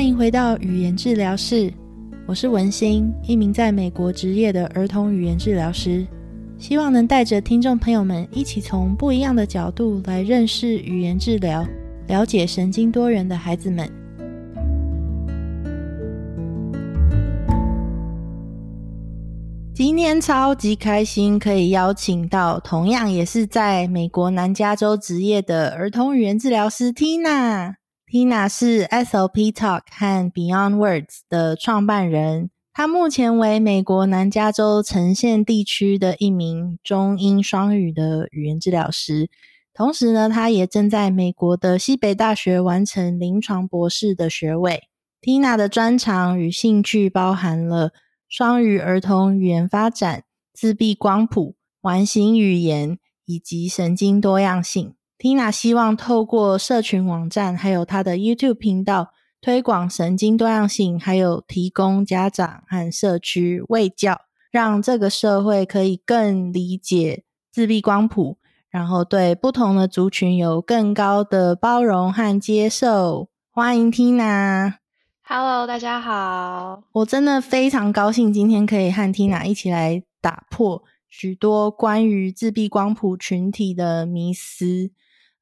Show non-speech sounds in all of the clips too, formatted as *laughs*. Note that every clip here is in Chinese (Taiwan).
歡迎回到語言摯聊室，我是文心，一名在美國執業的兒童語言治療師，希望能帶着聽眾朋友們一起從不一樣的角度來認識語言治療，了解神經多元的孩子們。今天超級開心，可以邀請到同樣也是在美國南加州執業的兒童語言治療師 Tina。Tina 是 SLP Talk 和 Beyond Words 的創辦人，他目前為美國南加州橙縣地區的一名中英雙語的語言治療師，同時呢，他也正在美國的西北大學完成臨床博士的學位。Tina 的專長與興趣包含了雙語兒童語言發展、自閉光譜、完形語言以及神經多樣性。Tina 希望透過社群網站，還有她的 YouTube 頻道，推廣神經多樣性，還有提供家長和社區衛教，讓這個社會可以更理解自閉光譜，然後對不同的族群有更高的包容和接受。歡迎 Tina，Hello，大家好，我真的非常高興今天可以和 Tina 一起來打破許多關於自閉光譜群體的迷思。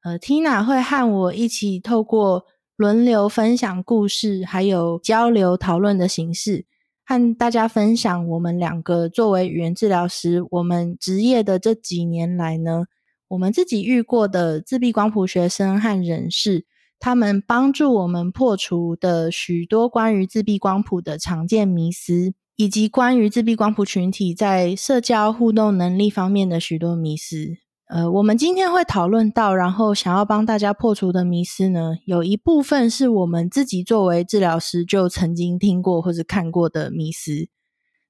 呃，Tina 會和我一起透過輪流分享故事，還有交流討論的形式，和大家分享我們兩個作為語言治療師，我們執業的這幾年來呢，我們自己遇過的自閉光譜學生和人士，他們幫助我們破除的許多關於自閉光譜的常見迷思，以及關於自閉光譜群體在社交互動能力方面的許多迷思。呃，我們今天會討論到，然後想要幫大家破除的迷思呢，有一部分是我們自己作為治療師就曾經聽過或者看過的迷思。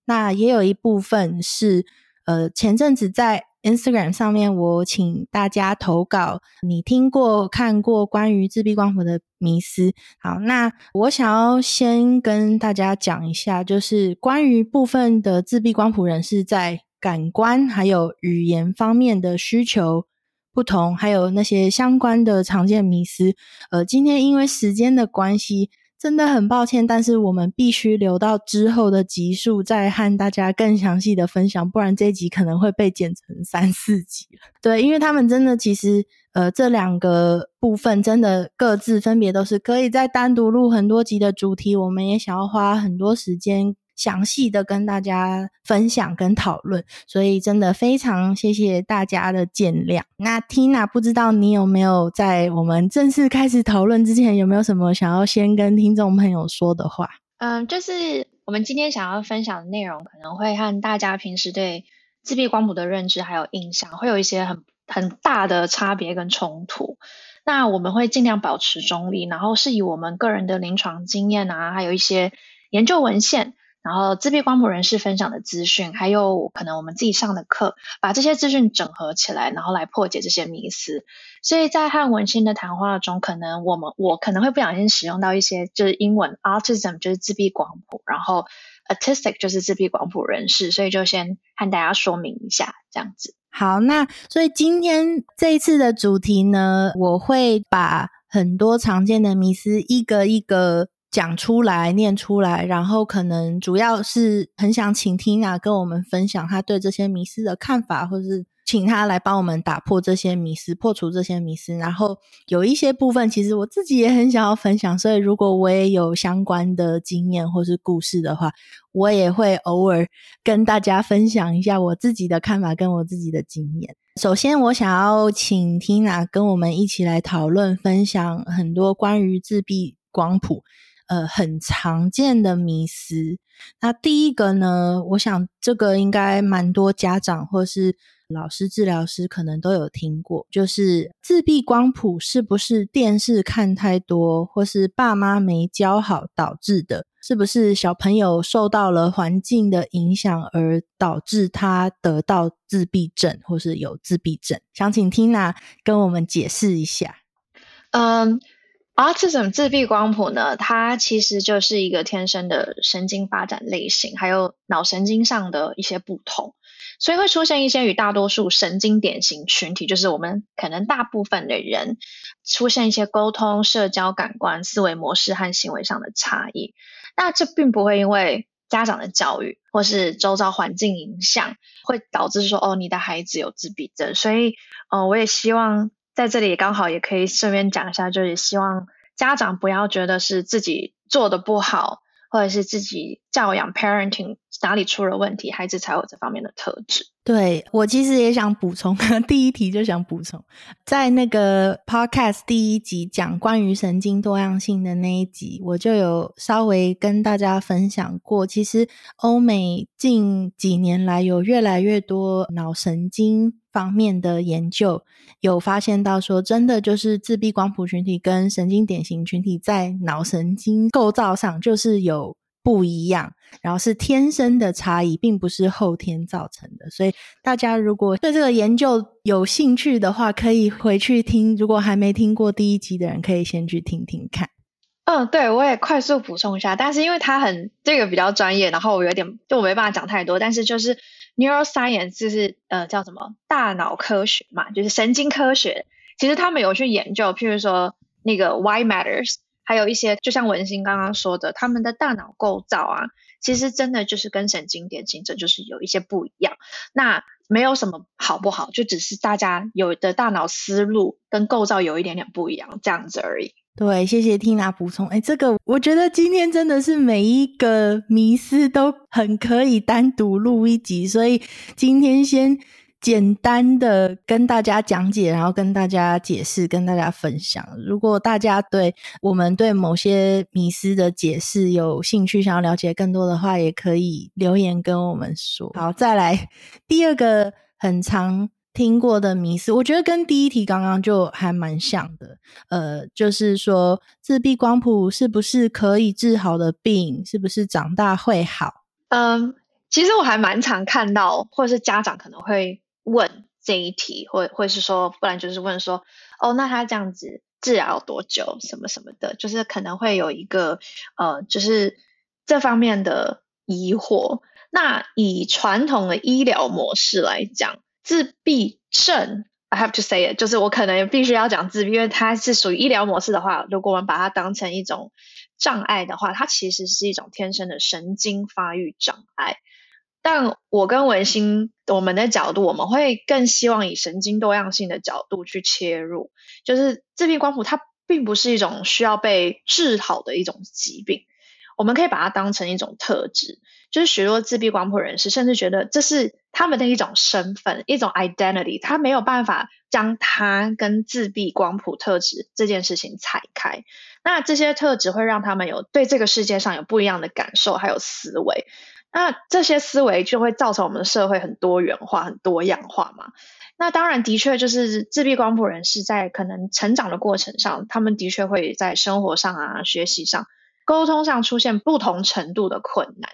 那也有一部分是，呃，前陣子在 Instagram 上面我請大家投稿，你聽過看過關於自閉光譜的迷思。好，那我想要先跟大家講一下，就是關於部分的自閉光譜人士在感官還有語言方面的需求不同，還有那些相關的常見迷思。呃，今天因為時間的關係，真的很抱歉，但是我們必須留到之後的集數再和大家更詳細的分享，不然這一集可能會被剪成三四集。對，因為他們真的其實，呃，這兩個部分真的各自分別都是可以再單獨錄很多集的主題，我們也想要花很多時間。詳細的跟大家分享跟討論，所以真的非常謝謝大家的見諒。那 Tina，不知道你有沒有在我們正式開始討論之前，有沒有什麼想要先跟聽眾朋友說的話？嗯，就是我們今天想要分享的內容，可能會和大家平時對自閉光譜的認知還有印象，會有一些很很大的差別跟衝突。那我們會盡量保持中立，然後是以我們個人的臨床經驗啊，還有一些研究文獻。然後自閉光譜人士分享的資訊，還有可能我們自己上的課，把這些資訊整合起來，然後來破解這些迷思。所以在和文心的談話中，可能我們我可能會不小心使用到一些就是英文，autism 就是自閉光譜，然後 autistic 就是自閉光譜人士，所以就先和大家說明一下這樣子。好，那所以今天這一次的主題呢，我會把很多常見的迷思一個一個。講出來，念出來，然後可能主要是很想請 Tina 跟我們分享她對這些迷思的看法，或是請她來幫我們打破這些迷思，破除這些迷思。然後有一些部分，其實我自己也很想要分享，所以如果我也有相關的經驗或是故事的話，我也會偶爾跟大家分享一下我自己的看法跟我自己的經驗。首先，我想要請 Tina 跟我們一起來討論、分享很多關於自閉光譜。呃，很常見的迷思。那第一個呢？我想這個應該蠻多家長或是老師、治療師可能都有聽過，就是自閉光譜是不是電視看太多，或是爸媽沒教好導致的？是不是小朋友受到了環境的影響而導致他得到自閉症，或是有自閉症？想請 Tina 跟我們解釋一下。嗯、um。而、啊、這種自閉光譜呢，它其實就是一個天生的神經發展類型，還有腦神經上的一些不同，所以會出現一些與大多數神經典型群體，就是我們可能大部分的人，出現一些溝通、社交、感官、思維模式和行為上的差異。那這並不會因為家長的教育或是周遭環境影響，會導致說哦，你的孩子有自閉症。所以，哦、呃，我也希望。在這裡剛好也可以順便講一下，就是希望家長不要覺得是自己做的不好，或者是自己。教養、parenting 哪裡出了問題，孩子才有這方面的特質。對，我其實也想補充，第一題就想補充，在那個 podcast 第一集講關於神經多樣性的那一集，我就有稍微跟大家分享過。其實歐美近幾年來有越來越多腦神經方面的研究，有發現到說，真的就是自閉光譜群體跟神經典型群體在腦神經構造上就是有。不一樣，然後是天生的差異，並不是後天造成的。所以大家如果對這個研究有興趣的話，可以回去聽。如果還沒聽過第一集的人，可以先去聽聽看。嗯，對，我也快速補充一下，但是因為他很這個比較專業，然後我有點就我沒辦法講太多。但是就是 neuroscience 就是呃叫什麼大腦科學嘛，就是神經科學。其實他們有去研究，譬如說那個 white matter。還有一些，就像文心剛剛說的，他們的大腦構造啊，其實真的就是跟神經典型者就是有一些不一樣。那沒有什麼好不好，就只是大家有的大腦思路跟構造有一點點不一樣，這樣子而已。對，謝謝緹娜 n 補充。哎，這個我覺得今天真的是每一個迷失都很可以單獨錄一集，所以今天先。簡單的跟大家講解，然後跟大家解釋，跟大家分享。如果大家對我們對某些迷思的解釋有興趣，想要了解更多的話，也可以留言跟我們說。好，再來第二個很常聽過的迷思，我覺得跟第一題剛剛就還蠻像的。呃，就是說自閉光譜是不是可以治好的病？是不是長大會好？嗯、呃，其實我還蠻常看到，或是家長可能會。問這一題，或或是說，不然就是問說，哦，那他這樣子治療多久，什麼什麼的，就是可能會有一個，呃，就是這方面的疑惑。那以傳統的醫療模式來講，自閉症，I have to say it，就是我可能必須要講自閉，因為它是屬於醫療模式的話，如果我們把它當成一種障礙的話，它其實是一種天生的神經發育障礙。但我跟文心，我們的角度，我們會更希望以神經多樣性的角度去切入。就是自閉光譜，它並不是一種需要被治好的一種疾病，我們可以把它當成一種特質。就是許多自閉光譜人士甚至覺得這是他們的一種身份，一種 identity。他沒有辦法將他跟自閉光譜特質這件事情踩開。那這些特質會讓他們有對這個世界上有不一樣的感受，還有思維。那這些思維就會造成我們的社會很多元化、很多樣化嘛。那當然，的確就是自閉光譜人士在可能成長的過程上，他們的確會在生活上啊、學習上、溝通上出現不同程度的困難。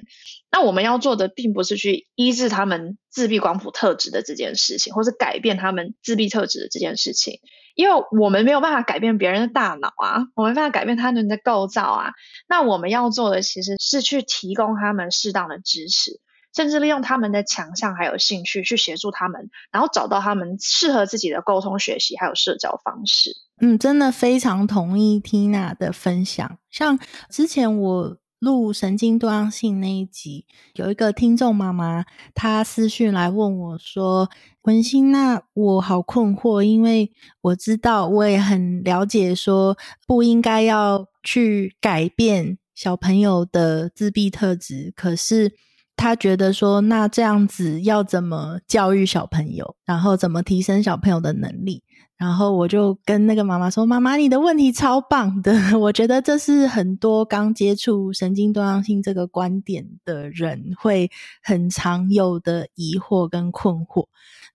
那我們要做的，並不是去醫治他們自閉光譜特質的這件事情，或是改變他們自閉特質的這件事情。因為我們沒有辦法改變別人的大腦啊，我沒辦法改變他們的構造啊。那我們要做的其實是去提供他們適當的支持，甚至利用他們的強項還有興趣去協助他們，然後找到他們適合自己的溝通、學習還有社交方式。嗯，真的非常同意 Tina 的分享。像之前我。錄神經多樣性那一集，有一個聽眾媽媽，她私訊來問我說：“文心啊，那我好困惑，因為我知道我也很了解說，說不應該要去改變小朋友的自閉特質，可是他覺得說，那這樣子要怎麼教育小朋友，然後怎麼提升小朋友的能力？”然後我就跟那個媽媽說：“媽媽，你的問題超棒的，我覺得這是很多剛接觸神經多樣性這個觀點的人會很常有的疑惑跟困惑。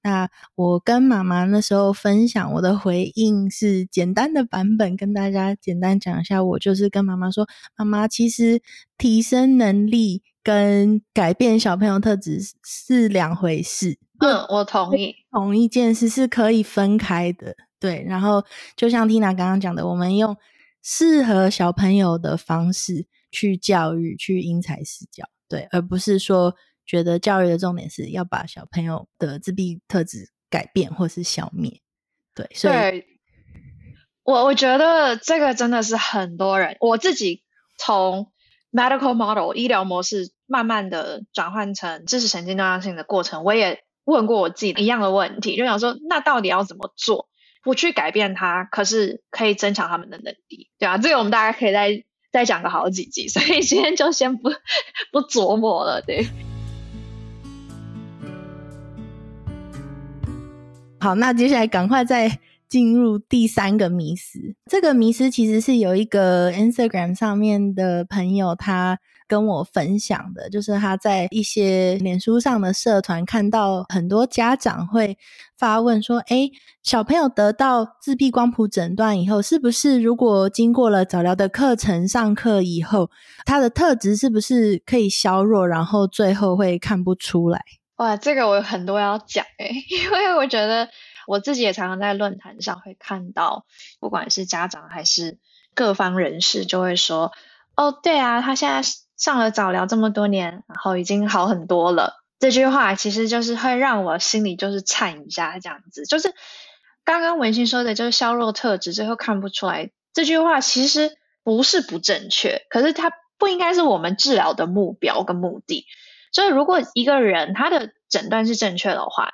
那我跟媽媽那時候分享我的回應是簡單的版本，跟大家簡單講一下。我就是跟媽媽說：媽媽，其實提升能力。”跟改變小朋友特質是兩回事。嗯，我同意，同一件事是可以分開的。對，然後就像 Tina 剛剛講的，我們用適合小朋友的方式去教育，去因材施教。對，而不是說覺得教育的重點是要把小朋友的自閉特質改變或是消滅。對，所以我我覺得這個真的是很多人，我自己從 medical model 醫療模式慢慢的轉換成支持神經多樣性的過程，我也問過我自己一樣的問題，就想說那到底要怎麼做？不去改變它，可是可以增強他們的能力，對吧，啊？這個我們大家可以再再講個好幾集，所以今天就先不不琢磨了，對。好，那接下來趕快再。進入第三個迷思，這個迷思其實是有一個 Instagram 上面的朋友，他跟我分享的，就是他在一些臉書上的社團看到很多家長會發問說：“誒，小朋友得到自閉光譜診斷以後，是不是如果經過了早療的課程上課以後，他的特質是不是可以削弱，然後最後會看不出來？”哇，這個我有很多要講欸，因為我覺得。我自己也常常在論壇上會看到，不管是家長還是各方人士，就會說：“哦，對啊，他現在上了早療這麼多年，然後已經好很多了。”這句話其實就是會讓我心裡就是顫一下，這樣子。就是剛剛文心說的，就是削弱特質最後看不出來。這句話其實不是不正確，可是它不應該是我們治療的目標跟目的。所以，如果一個人他的診斷是正確的話，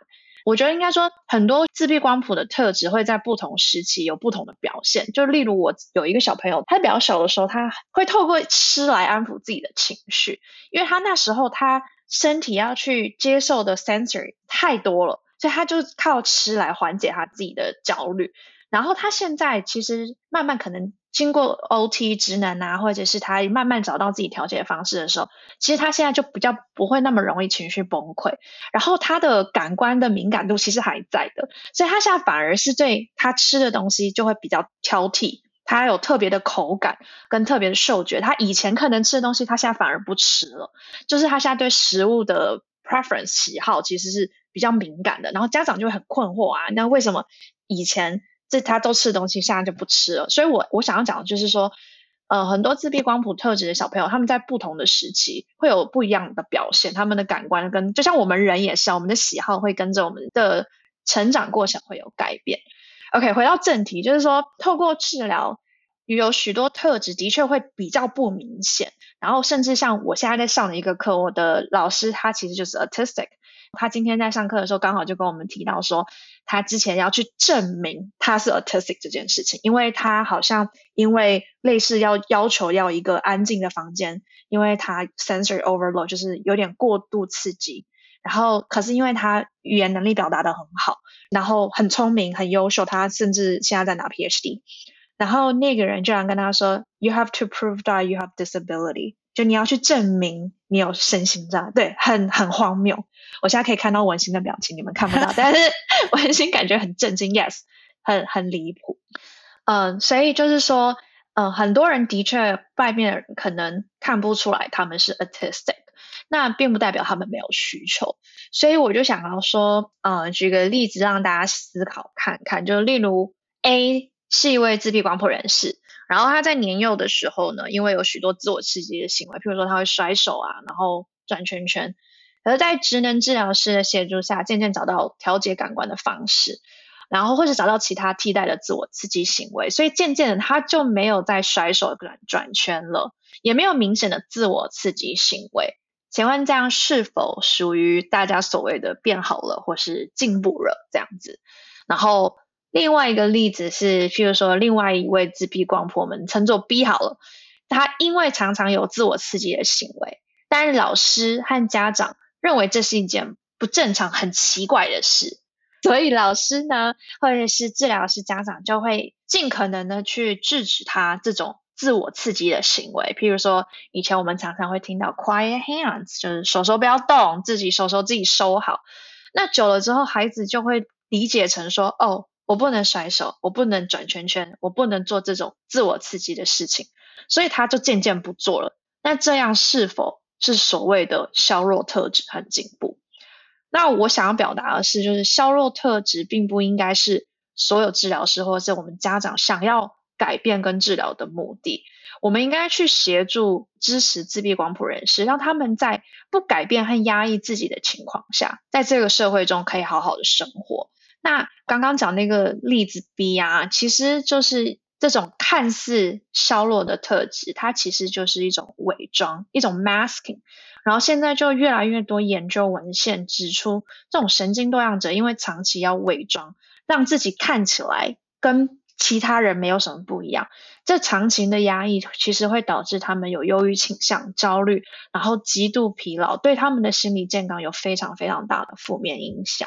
我覺得應該說，很多自閉光譜的特質會在不同時期有不同的表現。就例如，我有一個小朋友，他比較小的時候，他會透過吃來安撫自己的情緒，因為他那時候他身體要去接受的 sensory 太多了，所以他就靠吃來緩解他自己的焦慮。然後他現在其實慢慢可能。經過 OT 職能啊，或者是他慢慢找到自己調節的方式的時候，其實他現在就比較不會那麼容易情緒崩潰。然後他的感官的敏感度其實還在的，所以他現在反而是對他吃的東西就會比較挑剔，他有特別的口感跟特別的嗅覺。他以前可能吃的東西，他現在反而不吃了，就是他現在對食物的 preference 喜好其實是比較敏感的。然後家長就會很困惑啊，那為什麼以前？這他都吃的東西，現在就不吃了。所以我，我我想要講的就是說，呃，很多自閉光譜特質的小朋友，他們在不同的時期會有不一樣的表現。他們的感官跟就像我們人也是，我們的喜好會跟着我們的成長過程會有改變。OK，回到正題，就是說，透過治療，有許多特質的確會比較不明顯。然後，甚至像我現在在上的一個課，我的老師他其實就是 autistic。他今天在上課的時候，剛好就跟我們提到說，他之前要去證明他是 autistic 這件事情，因為他好像因為類似要要求要一個安靜的房間，因為他 sensory overload 就是有點過度刺激。然後可是因為他語言能力表達得很好，然後很聰明很優秀，他甚至現在在拿 PhD。然後那個人居然跟他說，You have to prove that you have disability。就你要去證明你有身心障礙，對，很很荒謬。我現在可以看到文心的表情，你們看不到，但是文心感覺很震驚 *laughs* ，yes，很很離譜。嗯、呃，所以就是說，嗯、呃，很多人的確外面的人可能看不出來他們是 autistic，那並不代表他們沒有需求。所以我就想要說，呃，舉個例子讓大家思考看看，就例如 A 是一位自閉光譜人士。然後他在年幼的時候呢，因為有許多自我刺激的行為，譬如說他會甩手啊，然後轉圈圈。而在職能治療師的協助下，漸漸找到調節感官的方式，然後或是找到其他替代的自我刺激行為。所以漸漸的他就沒有再甩手轉轉圈了，也沒有明顯的自我刺激行為。請問這樣是否屬於大家所謂的變好了，或是進步了這樣子？然後。另外一個例子是，譬如說，另外一位自閉光譜人士稱作 B 好了，他因為常常有自我刺激的行為，但是老師和家長認為這是一件不正常、很奇怪的事，所以老師呢，或者是治療師、家長就會盡可能的去制止他這種自我刺激的行為。譬如說，以前我們常常會聽到 “quiet hands”，就是手手不要動，自己手手自己收好。那久了之後，孩子就會理解成說：“哦。”我不能甩手，我不能轉圈圈，我不能做這種自我刺激的事情，所以他就漸漸不做了。那這樣是否是所謂的削弱特質和進步？那我想要表達的是，就是削弱特質並不應該是所有治療師或者是我們家長想要改變跟治療的目的。我們應該去協助支持自閉光譜人士，讓他們在不改變和壓抑自己的情況下，在這個社會中可以好好的生活。那剛剛講那個例子 B 啊，其實就是這種看似削弱的特質，它其實就是一種偽裝，一種 masking。然後現在就越來越多研究文獻指出，這種神經多樣者因為長期要偽裝，讓自己看起來跟其他人沒有什麼不一樣，這長期的壓抑其實會導致他們有憂鬱傾向、焦慮，然後極度疲勞，對他們的心理健康有非常非常大的負面影響。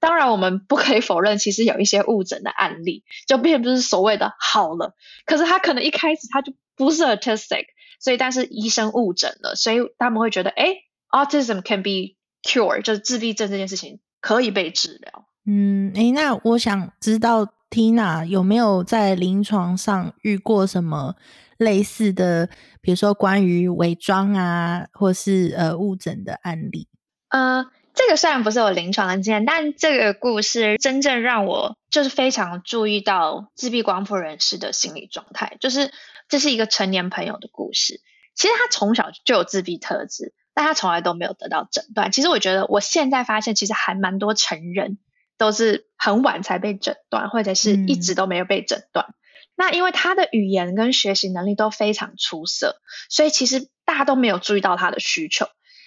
當然，我們不可以否認，其實有一些誤診的案例，就並不是所謂的好了。可是他可能一開始他就不是 autistic，所以但是醫生誤診了，所以他們會覺得，哎、欸，autism can be cured，就是自閉症這件事情可以被治療。嗯，哎、欸，那我想知道 Tina 有沒有在臨床上遇過什麼類似的，比如說關於偽裝啊，或是呃誤診的案例？嗯、呃。這個雖然不是我臨床的經驗，但這個故事真正讓我就是非常注意到自閉光譜人士的心理狀態。就是這是一個成年朋友的故事。其實他從小就有自閉特質，但他從來都沒有得到診斷。其實我覺得，我現在發現，其實還蠻多成人都是很晚才被診斷，或者是一直都沒有被診斷。嗯、那因為他的語言跟學習能力都非常出色，所以其實大家都沒有注意到他的需求。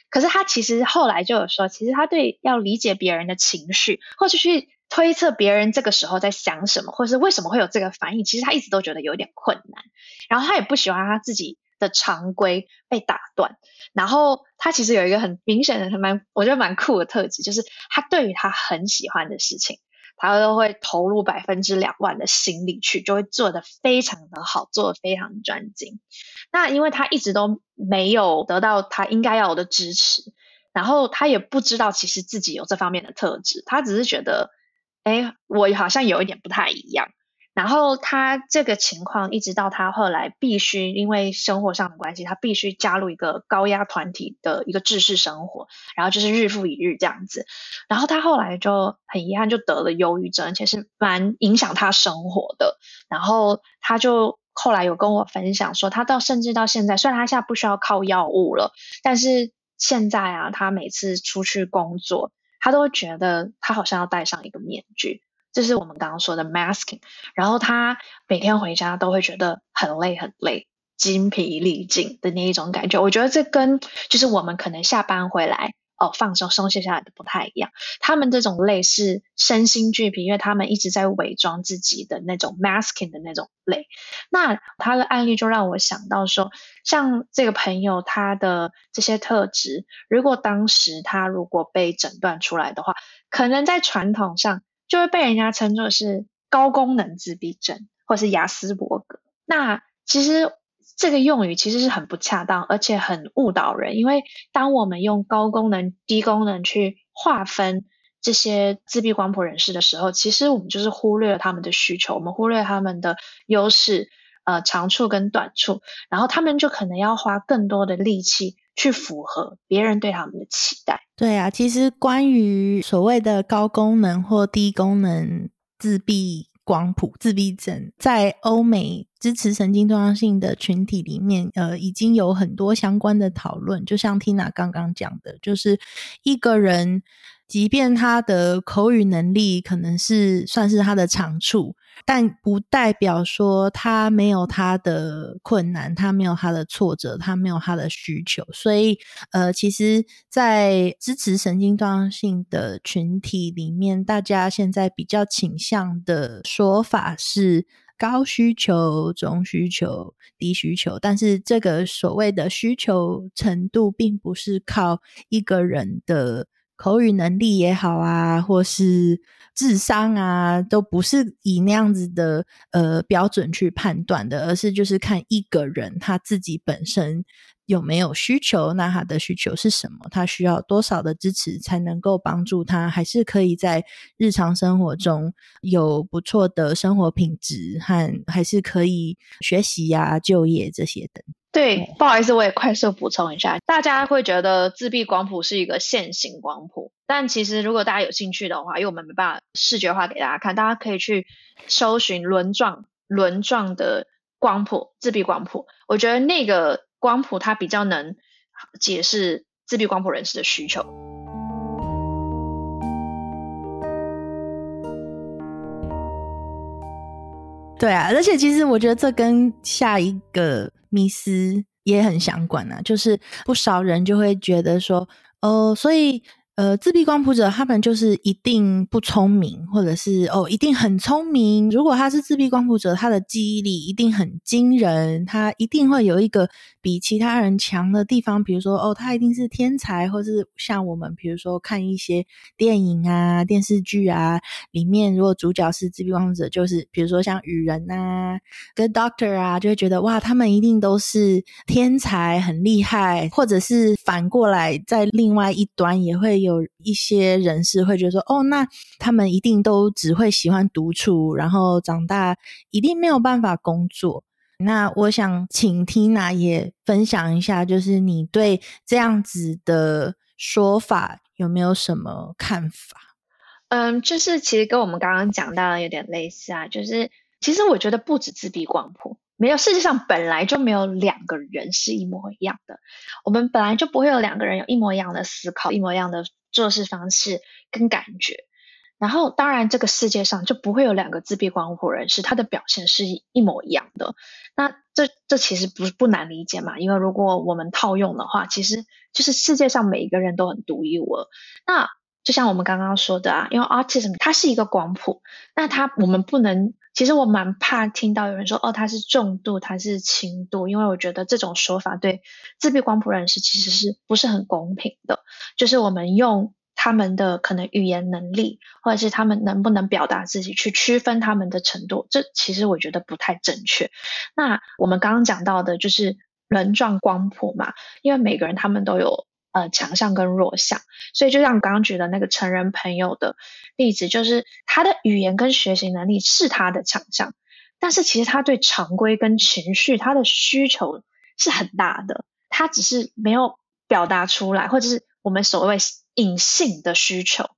可是他其實後來就有說，其實他對要理解別人的情緒，或是去推測別人這個時候在想什麼，或是為什麼會有這個反應，其實他一直都覺得有點困難。然後他也不喜歡他自己的常規被打斷。然後他其實有一個很明顯的，蠻我覺得蠻酷的特質，就是他對於他很喜歡的事情。他都會投入百分之兩萬的心力去，就會做的非常的好，做的非常專精。那因為他一直都沒有得到他應該要有的支持，然後他也不知道其實自己有這方面的特質，他只是覺得，哎，我好像有一點不太一樣。然後他這個情況，一直到他後來必須因為生活上的關係，他必須加入一個高壓團體的一個制式生活，然後就是日復一日這樣子。然後他後來就很遺憾，就得了憂鬱症，而且是蠻影響他生活的。然後他就後來有跟我分享說，他到甚至到現在，雖然他現在不需要靠藥物了，但是現在啊，他每次出去工作，他都會覺得他好像要戴上一個面具。就是我們剛剛說的 masking，然後他每天回家都會覺得很累很累，筋疲力盡的那一種感覺。我覺得這跟就是我們可能下班回來哦放鬆鬆懈下來的不太一樣。他們這種累是身心俱疲，因為他們一直在偽裝自己的那種 masking 的那種累。那他的案例就讓我想到說，像這個朋友他的這些特質，如果當時他如果被診斷出來的話，可能在傳統上，就會被人家稱作是高功能自閉症，或者是亞斯伯格。那其實這個用語其實是很不恰當，而且很誤導人。因為當我們用高功能、低功能去劃分這些自閉光譜人士的時候，其實我們就是忽略了他們的需求，我們忽略了他們的優勢、呃長處跟短處，然後他們就可能要花更多的力氣。去符合別人對他們的期待。對啊，其實關於所謂的高功能或低功能自閉光譜自閉症，在歐美支持神經多樣性的群體裡面，呃，已經有很多相關的討論。就像 Tina 剛剛講的，就是一個人。即便他的口語能力可能是算是他的長處，但不代表說他沒有他的困難，他沒有他的挫折，他沒有他的需求。所以，呃，其實，在支持神經多樣性的群體裡面，大家現在比較傾向的說法是高需求、中需求、低需求。但是，這個所謂的需求程度，並不是靠一個人的。口語能力也好啊，或是智商啊，都不是以那樣子的呃標準去判斷的，而是就是看一個人他自己本身。有沒有需求？那他的需求是什麼？他需要多少的支持才能夠幫助他？還是可以在日常生活中有不錯的生活品質，和還是可以學習呀、啊、就業這些的？對，嗯、不好意思，我也快速補充一下，大家會覺得自閉光譜是一個線性光譜，但其實如果大家有興趣的話，因為我們沒辦法視覺化給大家看，大家可以去搜尋輪狀、輪狀的光譜，自閉光譜，我覺得那個，光譜它比較能解釋自閉光譜人士的需求。對啊，而且其實我覺得這跟下一個迷思也很相關啊，就是不少人就會覺得說，哦、呃，所以。呃，自閉光譜者，他們就是一定不聰明，或者是哦，一定很聰明。如果他是自閉光譜者，他的記憶力一定很驚人，他一定會有一個比其他人強的地方。比如說，哦，他一定是天才，或是像我們，比如說看一些電影啊、電視劇啊，裡面如果主角是自閉光譜者，就是比如說像、啊《雨人》吶、《Good Doctor》啊，就會覺得哇，他們一定都是天才，很厲害，或者是反過來，在另外一端也會有。有一些人士會覺得說：“哦，那他們一定都只會喜歡獨處，然後長大一定沒有辦法工作。”那我想請 Tina 也分享一下，就是你對這樣子的說法有沒有什麼看法？嗯，就是其實跟我們剛剛講到的有點類似啊，就是其實我覺得不止自閉光譜，沒有世界上本來就沒有兩個人是一模一樣的，我們本來就不會有兩個人有一模一樣的思考，一模一樣的。做事方式跟感覺，然後當然這個世界上就不會有兩個自閉光譜人士，他的表現是一模一樣的。那這這其實不是不難理解嘛？因為如果我們套用的話，其實就是世界上每一個人都很獨一無二。那就像我們剛剛說的啊，因為 autism 它是一個光譜，那它我們不能，其實我蠻怕聽到有人說哦，它是重度，它是輕度，因為我覺得這種說法對自閉光譜人士其實是不是很公平的？就是我們用他們的可能語言能力，或者是他們能不能表達自己去區分他們的程度，這其實我覺得不太正確。那我們剛剛講到的就是輪狀光譜嘛，因為每個人他們都有。呃，強項跟弱項，所以就像剛剛舉的那個成人朋友的例子，就是他的語言跟學習能力是他的強項，但是其實他對常規跟情緒，他的需求是很大的，他只是沒有表達出來，或者是我們所謂隱性的需求。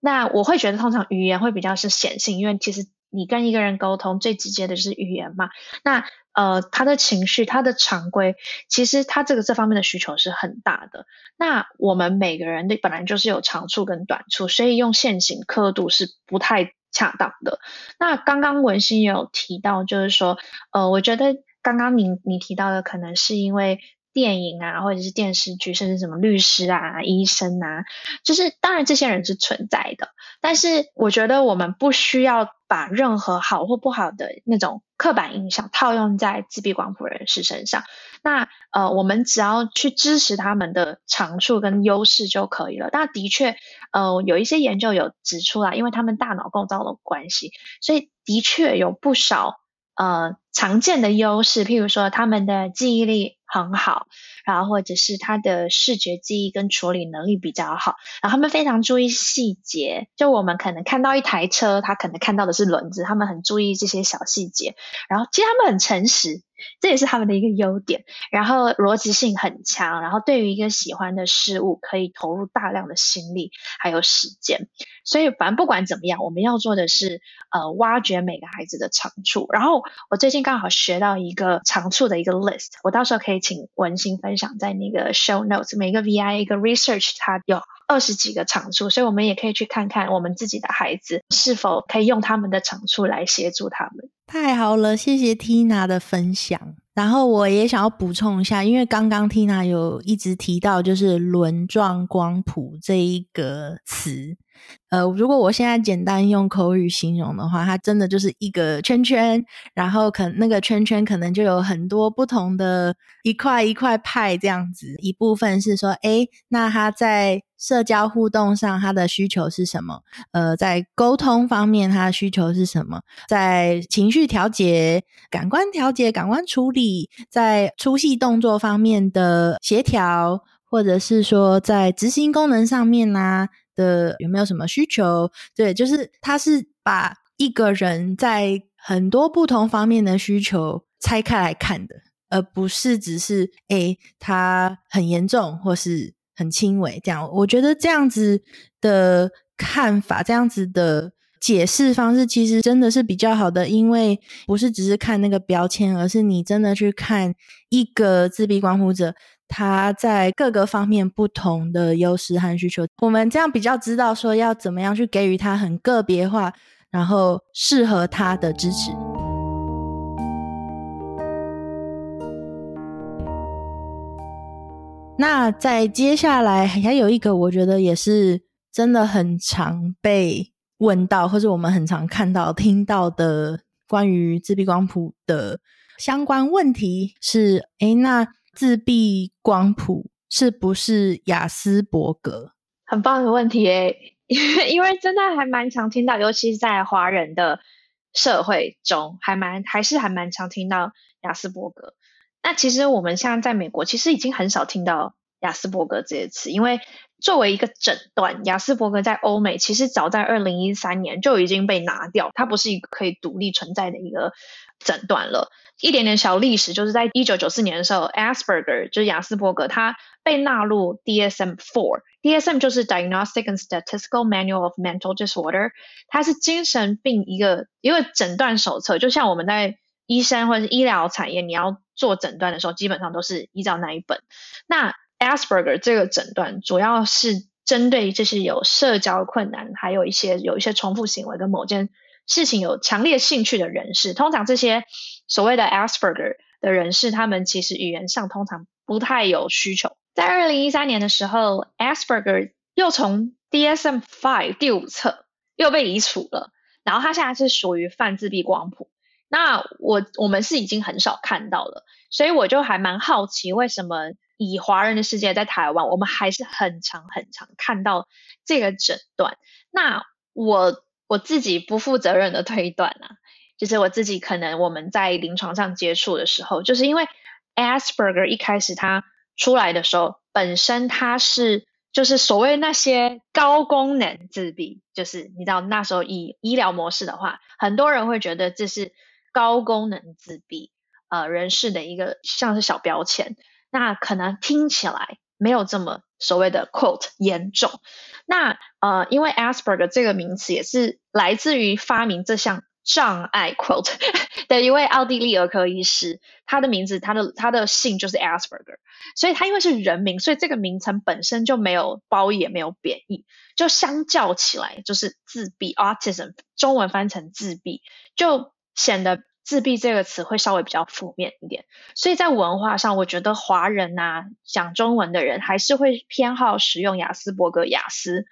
那我會覺得，通常語言會比較是顯性，因為其實你跟一個人溝通最直接的就是語言嘛。那呃，他的情緒，他的常規，其實他這個這方面的需求是很大的。那我們每個人的本來就是有長處跟短處，所以用線性刻度是不太恰當的。那剛剛文心也有提到，就是說，呃，我覺得剛剛你你提到的，可能是因為電影啊，或者是電視劇，甚至什麼律師啊、醫生啊，就是當然這些人是存在的，但是我覺得我們不需要把任何好或不好的那種。刻板印象套用在自閉光譜人士身上，那呃，我們只要去支持他們的長處跟優勢就可以了。但的確，呃，有一些研究有指出來，因為他們大腦構造的關係，所以的確有不少呃常見的優勢，譬如說他們的記憶力。很好，然後或者是他的視覺記憶跟處理能力比較好，然後他們非常注意細節。就我們可能看到一台車，他可能看到的是輪子，他們很注意這些小細節。然後，其實他們很誠實，這也是他們的一個優點。然後邏輯性很強，然後對於一個喜歡的事物，可以投入大量的心力還有時間。所以，反正不管怎麼樣，我們要做的是呃，挖掘每個孩子的長處。然後，我最近剛好學到一個長處的一個 list，我到時候可以。請文心分享在那個 show notes 每個 VIA 一個 research，它有二十幾個長處，所以我們也可以去看看我們自己的孩子是否可以用他們的長處來協助他們。太好了，謝謝 Tina 的分享。然後我也想要補充一下，因為剛剛 Tina 有一直提到就是輪狀光譜這一個詞。呃，如果我現在簡單用口語形容的話，它真的就是一個圈圈，然後可那個圈圈可能就有很多不同的一塊一塊派這樣子。一部分是說，誒，那他在社交互動上他的需求是什麼？呃，在溝通方面他的需求是什麼？在情緒調節、感官調節、感官處理，在粗細動作方面的協調，或者是說在執行功能上面啦、啊。的有沒有什麼需求？對，就是他是把一個人在很多不同方面的需求拆開來看的，而不是只是哎、欸、他很嚴重或是很輕微這樣。我覺得這樣子的看法，這樣子的解釋方式，其實真的是比較好的，因為不是只是看那個標籤，而是你真的去看一個自閉光譜者。他在各個方面不同的優勢和需求，我們這樣比較知道說要怎麼樣去給予他很個別化，然後適合他的支持。嗯、那在接下來還有一個，我覺得也是真的很常被問到，或是我們很常看到、聽到的關於自閉光譜的相關問題是：誒那。自閉光譜是不是亞斯伯格？很棒的問題誒、欸，因為因為真的還蠻常聽到，尤其是在華人的社會中，還蠻還是還蠻常聽到亞斯伯格。那其實我們現在在美國，其實已經很少聽到亞斯伯格這些詞，因為作為一個診斷，亞斯伯格在歐美其實早在二零一三年就已經被拿掉，它不是一個可以獨立存在的一個診斷了。一點點小歷史，就是在一九九四年的時候，Asperger 就是亞斯伯格，他被納入 DSM 4。DSM 就是 Diagnostic and Statistical Manual of Mental Disorder，它是精神病一個一個診斷手冊，就像我們在醫生或者是醫療產業，你要做診斷的時候，基本上都是依照那一本。那 Asperger 這個診斷主要是針對這些有社交困難，還有一些有一些重複行為跟某件事情有強烈興趣的人士，通常這些。所謂的 Asperger 的人士，他們其實語言上通常不太有需求。在二零一三年的時候，Asperger 又從 DSM Five 第五冊又被移除了，然後他現在是屬於泛自閉光譜。那我我們是已經很少看到了，所以我就還蠻好奇，為什麼以華人的世界在台灣，我們還是很常很常看到這個診斷？那我我自己不負責任的推斷啊。其實我自己可能我們在臨床上接觸的時候，就是因為 Asperger 一開始它出來的時候，本身它是就是所謂那些高功能自閉，就是你知道那時候以醫療模式的話，很多人會覺得這是高功能自閉，呃，人士的一個像是小標籤，那可能聽起來沒有這麼所謂的 quote 嚴重。那呃，因為 Asperger 這個名詞也是來自於發明這項。障礙 quote *laughs* 的一位奧地利兒科醫師，他的名字，他的他的姓就是 Asperger，所以他因為是人名，所以這個名稱本身就沒有褒義，也沒有貶義。就相較起來，就是自閉 autism，中文翻譯成自閉，就顯得自閉這個詞會稍微比較負面一點。所以在文化上，我覺得華人吶、啊、講中文的人還是會偏好使用雅斯伯格雅斯。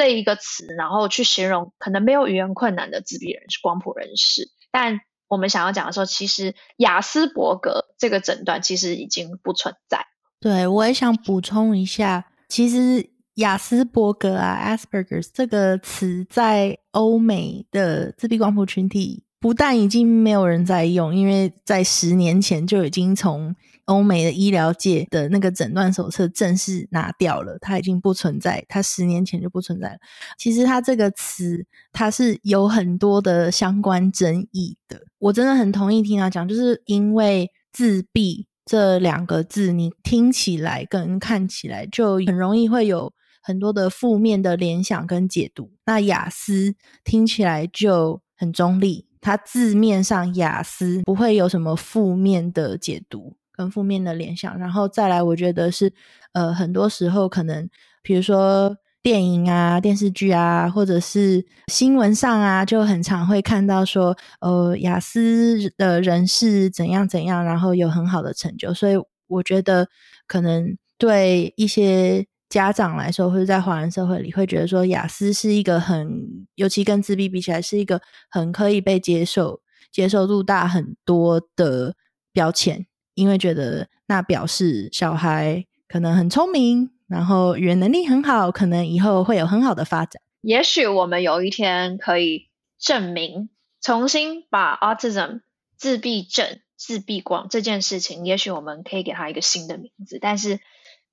這一個詞，然後去形容可能沒有語言困難的自閉人士、光譜人士，但我們想要講的時候，其實亞斯伯格這個診斷其實已經不存在。對，我也想補充一下，其實亞斯伯格啊，Asperger 這個詞在歐美的自閉光譜群體不但已經沒有人在用，因為在十年前就已經從。歐美的醫療界的那個診斷手冊正式拿掉了，它已經不存在，它十年前就不存在了。其實它這個詞，它是有很多的相關爭議的。我真的很同意聽他講，就是因為自閉這兩個字，你聽起來跟看起來就很容易會有很多的負面的聯想跟解讀。那亞斯聽起來就很中立，它字面上亞斯不會有什麼負面的解讀。跟負面的聯想，然後再來，我覺得是，呃，很多時候可能，比如說電影啊、電視劇啊，或者是新聞上啊，就很常會看到說，呃，亞斯的人是怎樣怎樣，然後有很好的成就，所以我覺得可能對一些家長來說，或者在華人社會裡，會覺得說亞斯是一個很，尤其跟自閉比起來，是一個很可以被接受、接受度大很多的標籤。因為覺得那表示小孩可能很聰明，然後語言能力很好，可能以後會有很好的發展。也許我們有一天可以證明，重新把 autism 自閉症、自閉光這件事情，也許我們可以給他一個新的名字。但是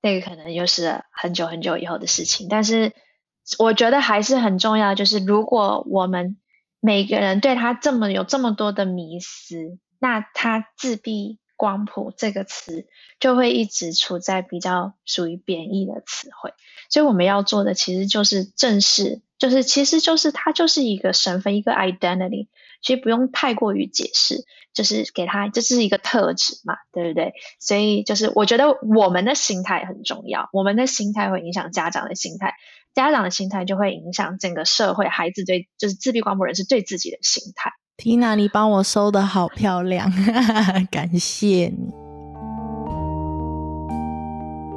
那個可能又是很久很久以後的事情。但是我覺得還是很重要，就是如果我們每個人對他這麼有這麼多的迷思，那他自閉。光譜這個詞就會一直處在比較屬於貶義的詞彙，所以我們要做的其實就是正視，就是其實就是它就是一個身份，一個 identity，其實不用太過於解釋，就是給他這是一個特質嘛，對不對？所以就是我覺得我們的心態很重要，我們的心態會影響家長的心態，家長的心態就會影響整個社會，孩子對就是自閉光譜人士對自己的心態。Tina，你幫我收的好漂亮， *laughs* 感謝你。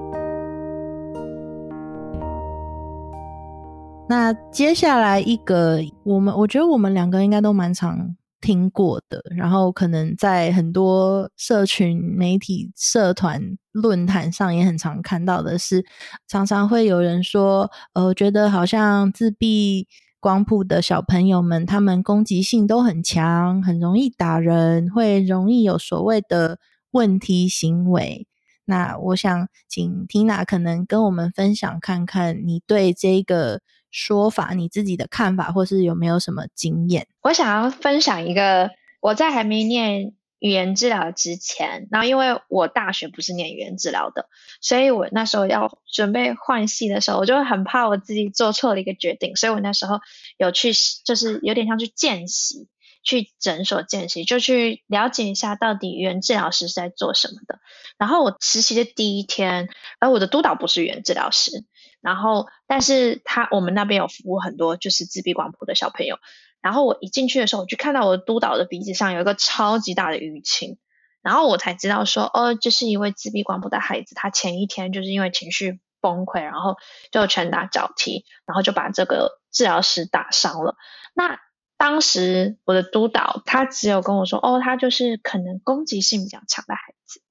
*music* 那接下來一個，我們我覺得我們兩個應該都蠻常聽過的，然後可能在很多社群、媒體、社團、論壇上也很常看到的是，是常常會有人說，呃，我覺得好像自閉。光譜的小朋友們，他們攻擊性都很強，很容易打人，會容易有所謂的問題行為。那我想請 Tina 可能跟我們分享看看，你對這個說法，你自己的看法，或是有沒有什麼經驗？我想要分享一個，我在還沒念。語言治療之前，然後因為我大學不是念語言治療的，所以我那時候要準備換系的時候，我就很怕我自己做錯了一個決定，所以我那時候有去，就是有點像去見習，去診所見習，就去了解一下到底語言治療師是在做什麼的。然後我實習的第一天，而我的督導不是語言治療師，然後但是他，我們那邊有服務很多就是自閉光譜的小朋友，然後我一進去的時候，我就看到我的督導的鼻子上有一個超級大的淤青，然後我才知道說，哦，這、就是一位自閉光譜的孩子，他前一天就是因為情緒崩潰，然後就拳打腳踢，然後就把這個治療師打傷了。那當時我的督導他只有跟我說，哦，他就是可能攻擊性比較強的孩子，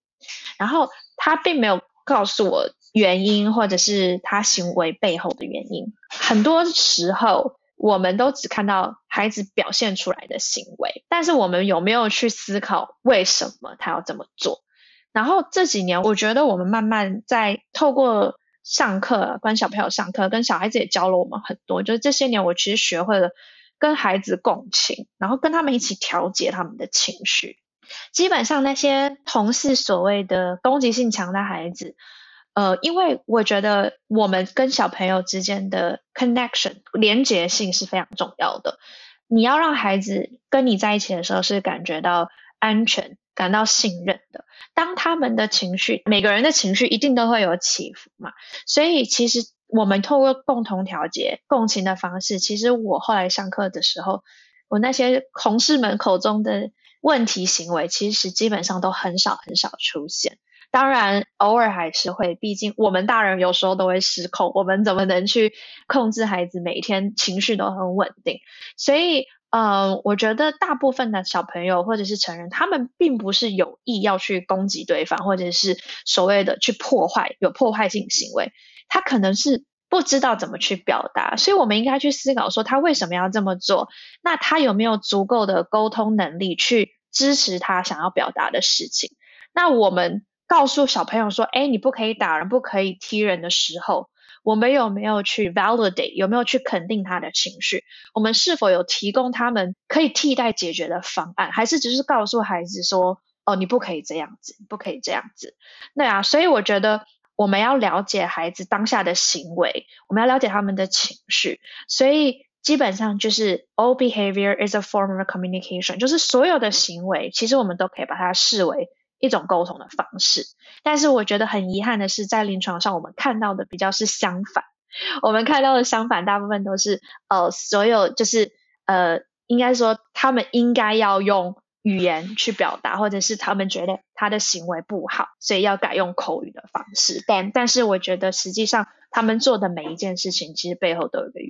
然後他並沒有告訴我原因或者是他行為背後的原因，很多時候。我們都只看到孩子表現出來的行為，但是我們有沒有去思考為什麼他要這麼做？然後這幾年，我覺得我們慢慢在透過上課，關小朋友上課，跟小孩子也教了我們很多。就是這些年，我其實學會了跟孩子共情，然後跟他們一起調節他們的情緒。基本上，那些同事所謂的攻擊性強的孩子。呃，因為我覺得我們跟小朋友之間的 connection 連接性是非常重要的。你要讓孩子跟你在一起的時候是感覺到安全、感到信任的。當他們的情緒，每個人的情緒一定都會有起伏嘛。所以，其實我們透過共同調節、共情的方式，其實我後來上課的時候，我那些同事們口中的問題行為，其實基本上都很少很少出現。當然，偶爾還是會，畢竟我們大人有時候都會失控。我們怎麼能去控制孩子每天情緒都很穩定？所以，嗯、呃，我覺得大部分的小朋友或者是成人，他們並不是有意要去攻擊對方，或者是所謂的去破壞、有破壞性行為。他可能是不知道怎麼去表達，所以我們應該去思考說，他為什麼要這麼做？那他有沒有足夠的溝通能力去支持他想要表達的事情？那我們。告訴小朋友說：“欸，你不可以打人，不可以踢人”的時候，我們有沒有去 validate，有沒有去肯定他的情緒？我們是否有提供他們可以替代解決的方案，還是只是告訴孩子說：“哦，你不可以這樣子，不可以這樣子。”對啊，所以我覺得我們要了解孩子當下的行為，我們要了解他們的情緒。所以基本上就是 all behavior is a form of communication，就是所有的行為，其實我們都可以把它視為。一種溝通的方式，但是我覺得很遺憾的是，在臨床上我們看到的比較是相反，我們看到的相反，大部分都是呃，所有就是呃，應該說他們應該要用語言去表達，或者是他們覺得他的行為不好，所以要改用口語的方式。但但是我覺得實際上他們做的每一件事情，其實背後都有一個語言。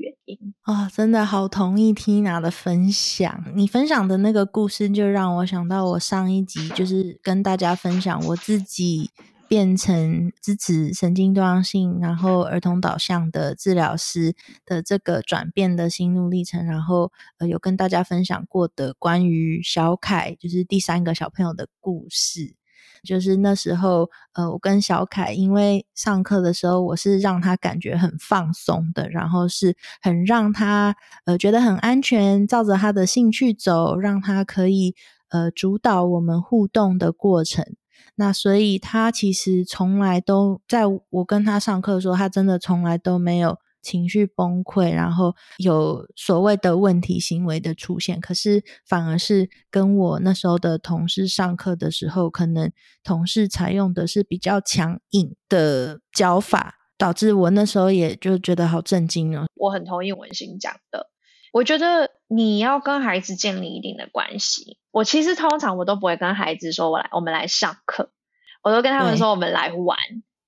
啊、哦，真的好同意 Tina 的分享。你分享的那個故事，就讓我想到我上一集就是跟大家分享我自己變成支持神經多樣性、然後兒童導向的治療師的這個轉變的心路歷程。然後呃，有跟大家分享過的關於小凱，就是第三個小朋友的故事。就是那時候，呃，我跟小凱，因為上課的時候，我是讓他感覺很放鬆的，然後是很讓他呃覺得很安全，照着他的興趣走，讓他可以呃主導我們互動的過程。那所以他其實從來都在我跟他上課的時候，他真的從來都沒有情緒崩潰，然後有所謂的問題行為的出現，可是反而是跟我那時候的同事上課的時候，可能同事採用的是比較強硬的教法，導致我那時候也就覺得好震驚哦。我很同意文心講的，我覺得你要跟孩子建立一定的關係。我其實通常我都不會跟孩子說我來，我們來上課，我都跟他們說我們來玩。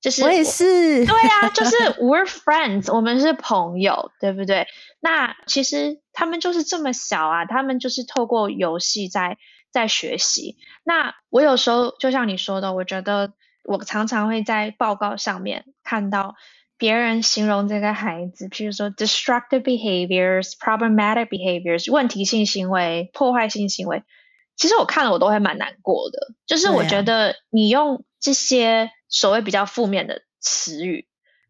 就是、我也是我。對啊，就是 we're friends， *laughs* 我們是朋友，對不對？那其實他們就是這麼小啊，他們就是透過遊戲在在學習。那我有時候就像你說的，我覺得我常常會在報告上面看到別人形容這個孩子，譬如說 destructive behaviors、problematic behaviors，問題性行為、破壞性行為。其實我看了我都會蠻難過的，就是我覺得你用這些。所謂比較負面的詞語，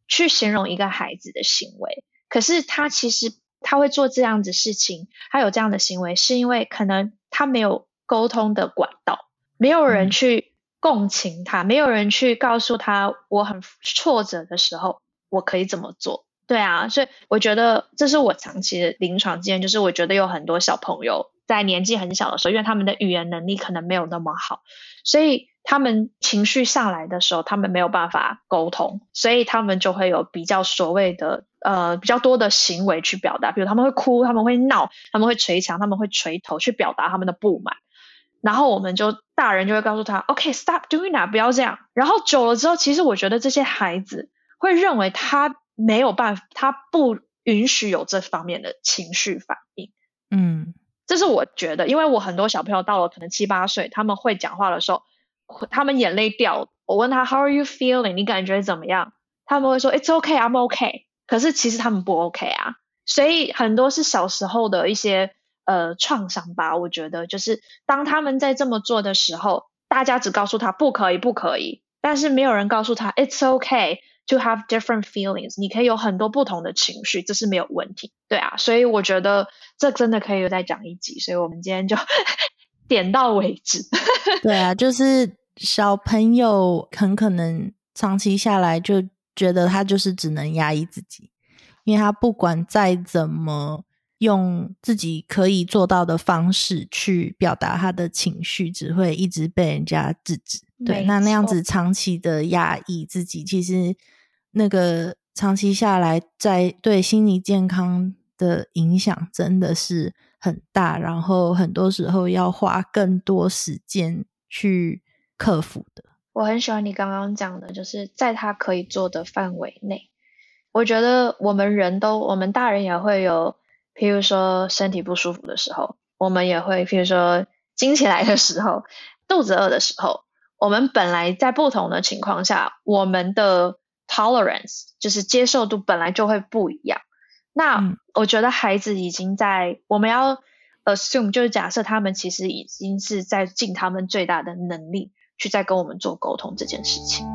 去形容一個孩子的行為，可是他其實他會做這樣子事情，他有這樣的行為，是因為可能他沒有溝通的管道，沒有人去共情他，嗯、沒有人去告訴他，我很挫折的時候，我可以怎麼做？對啊，所以我覺得這是我長期的臨床經驗，就是我覺得有很多小朋友。在年紀很小的時候，因為他們的語言能力可能沒有那麼好，所以他們情緒上來的時候，他們沒有辦法溝通，所以他們就會有比較所謂的呃比較多的行為去表達，比如他們會哭，他們會鬧，他們會捶牆，他們會捶頭去表達他們的不滿。然後我們就大人就會告訴他：“OK，stop doing that，不要這樣。”然後久了之後，其實我覺得這些孩子會認為他沒有辦法，他不允許有這方面的情緒反應。嗯。這是我覺得，因為我很多小朋友到了可能七八歲，他們會講話的時候，他們眼淚掉。我問他 “How are you feeling？” 你感覺怎麼樣？他們會說 “It's OK, I'm OK。”可是其實他們不 OK 啊，所以很多是小時候的一些呃創傷吧。我覺得就是當他們在這麼做的時候，大家只告訴他“不可以，不可以”，但是沒有人告訴他 “It's OK”。to have different feelings，你可以有很多不同的情緒，這是沒有問題，對啊，所以我覺得這真的可以再講一集，所以我們今天就 *laughs* 點到為止。對啊，就是小朋友很可能長期下來就覺得他就是只能壓抑自己，因為他不管再怎麼。用自己可以做到的方式去表達他的情緒，只會一直被人家制止。沒錯。對，那那樣子長期的壓抑自己，其實那個長期下來在對心理健康的影響真的是很大。然後很多時候要花更多時間去克服的。我很喜歡你剛剛講的，就是在他可以做的範圍內。我覺得我們人都，我們大人也會有。譬如說身體不舒服的時候，我們也會；譬如說驚起來的時候， *laughs* 肚子餓的時候，我們本來在不同的情況下，我們的 tolerance 就是接受度本來就會不一樣。那我覺得孩子已經在，我們要 assume 就是假設他們，其實已經是在盡他們最大的能力去在跟我們做溝通這件事情。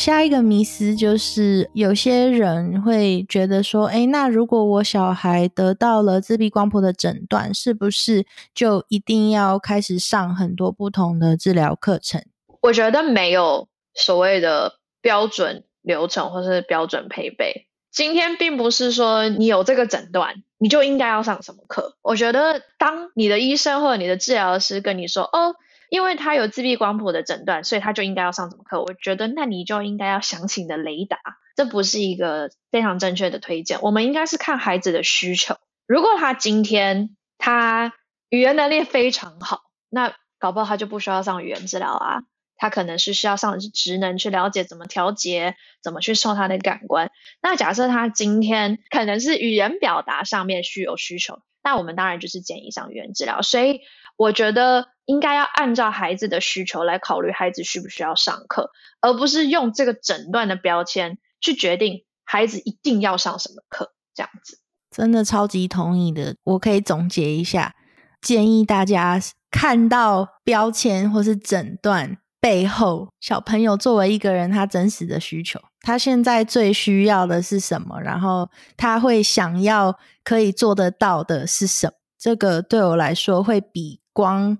下一個迷思就是，有些人會覺得說：“哎，那如果我小孩得到了自閉光譜的診斷，是不是就一定要開始上很多不同的治療課程？”我覺得沒有所謂的標準流程或是標準配備。今天並不是說你有這個診斷，你就應該要上什麼課。我覺得，當你的醫生或者你的治療師跟你說：“哦”，因為他有自閉光譜的診斷，所以他就應該要上什麼課？我覺得那你就應該要詳細的雷達，這不是一個非常正確的推薦。我們應該是看孩子的需求。如果他今天他語言能力非常好，那搞不好他就不需要上語言治療啊。他可能是需要上的是職能，去了解怎麼調節，怎麼去受他的感官。那假設他今天可能是語言表達上面需有需求，那我們當然就是建議上語言治療。所以。我覺得應該要按照孩子的需求來考慮孩子需不需要上課，而不是用這個診斷的標籤去決定孩子一定要上什麼課。這樣子。真的超級同意的。我可以總結一下，建議大家看到標籤或是診斷背後，小朋友作為一個人他真實的需求，他現在最需要的是什麼？然後他會想要可以做得到的是什麼？這個對我來說會比。光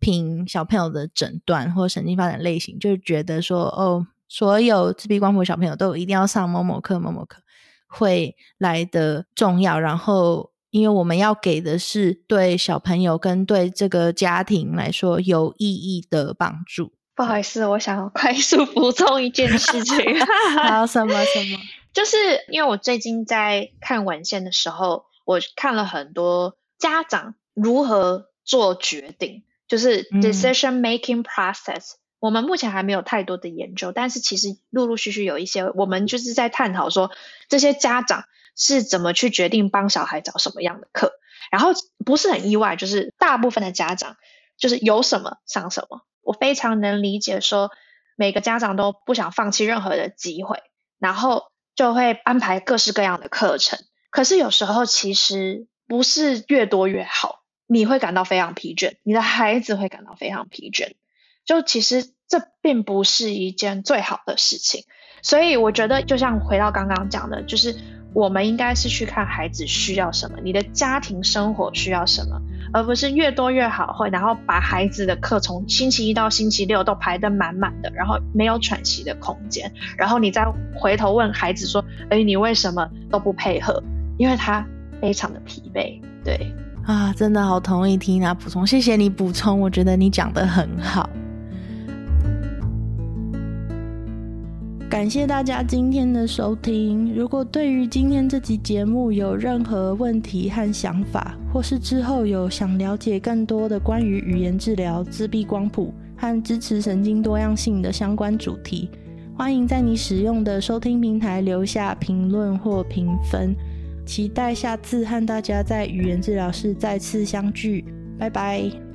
憑小朋友的診斷或神經發展類型，就覺得說哦，所有自閉光譜小朋友都一定要上某某課、某某課會來得重要。然後，因為我們要給的是對小朋友跟對這個家庭來說有意義的幫助。不好意思，我想要快速補充一件事情，啊，什麼 *laughs* *laughs* 什麼，什麼就是因為我最近在看文獻的時候，我看了很多家長如何。做決定就是 decision making process，嗯。我們目前還沒有太多的研究，但是其實陸陸續續有一些，我們就是在探討說，這些家長是怎麼去決定幫小孩找什麼樣的課。然後不是很意外，就是大部分的家長就是有什麼上什麼。我非常能理解說，說每個家長都不想放棄任何的機會，然後就會安排各式各樣的課程。可是有時候其實不是越多越好。你會感到非常疲倦，你的孩子會感到非常疲倦，就其實這並不是一件最好的事情。所以我覺得，就像回到剛剛講的，就是我們應該是去看孩子需要什麼，你的家庭生活需要什麼，而不是越多越好會，會然後把孩子的課從星期一到星期六都排得滿滿的，然後沒有喘息的空間，然後你再回頭問孩子說：“哎，你為什麼都不配合？因為他非常的疲憊。”對。啊，真的好同意 Tina，補充，謝謝你補充，我覺得你講得很好。感謝大家今天的收聽。如果對於今天這集節目有任何問題和想法，或是之後有想了解更多的關於語言治療、自閉光譜和支持神經多樣性的相關主題，歡迎在你使用的收聽平台留下評論或評分。期待下次和大家在語言摯聊室再次相聚，拜拜。